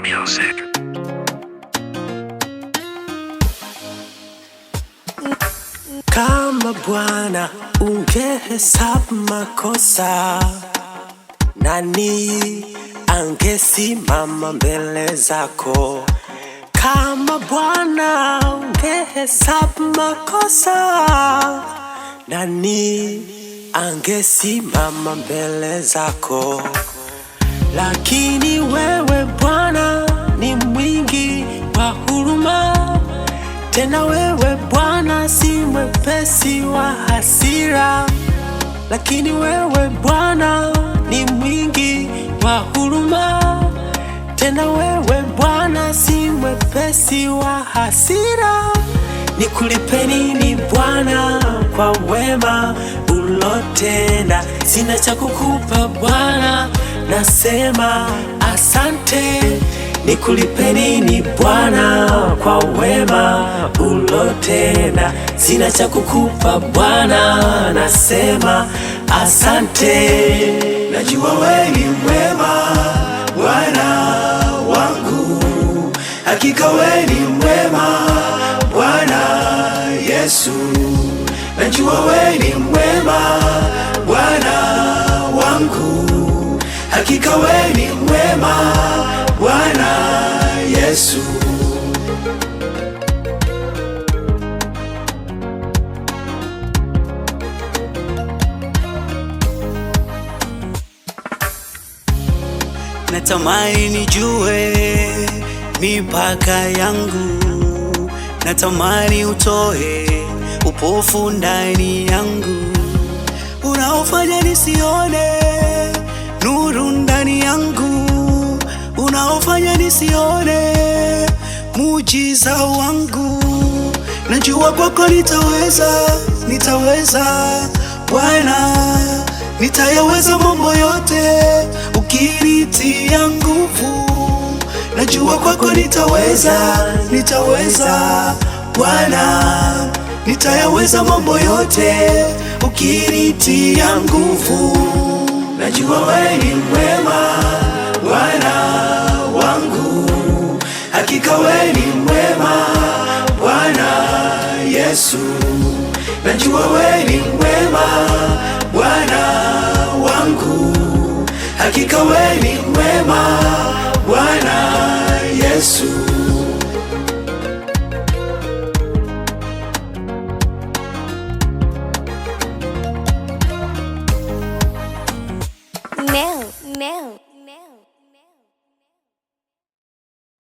music. Kama Bwana ungehesabu makosa, nani angesimama mbele zako? Kama Bwana ungehesabu makosa, nani angesimama mbele zako? lakini wewe Bwana ni mwingi wa huruma, tena wewe Bwana si mwepesi wa hasira, lakini wewe Bwana ni mwingi wa huruma, tena wewe Bwana si mwepesi wa hasira. Nikulipe ni Bwana kwa wema ulotenda? Sina cha kukupa Bwana nasema asante, nikulipe nini Bwana kwa wema ulotenda? Sina cha kukupa Bwana, nasema asante. Najua wewe ni mwema Bwana wangu, hakika wewe ni mwema Bwana Yesu, najua wewe ni mwema wewe ni mwema Bwana Yesu. Natamani nijue mipaka yangu, natamani utoe upofu ndani yangu unaofanya nisione ndani yangu unaofanya nisione mujiza wangu. Najua kwako nitaweza, nitaweza Bwana, nitayaweza mambo yote ukinitia nguvu. Najua kwako nitaweza, nitaweza Bwana, nitayaweza mambo yote ukinitia nguvu najua wewe ni mwema Bwana wangu, hakika wewe ni mwema Bwana Yesu, najua wewe ni mwema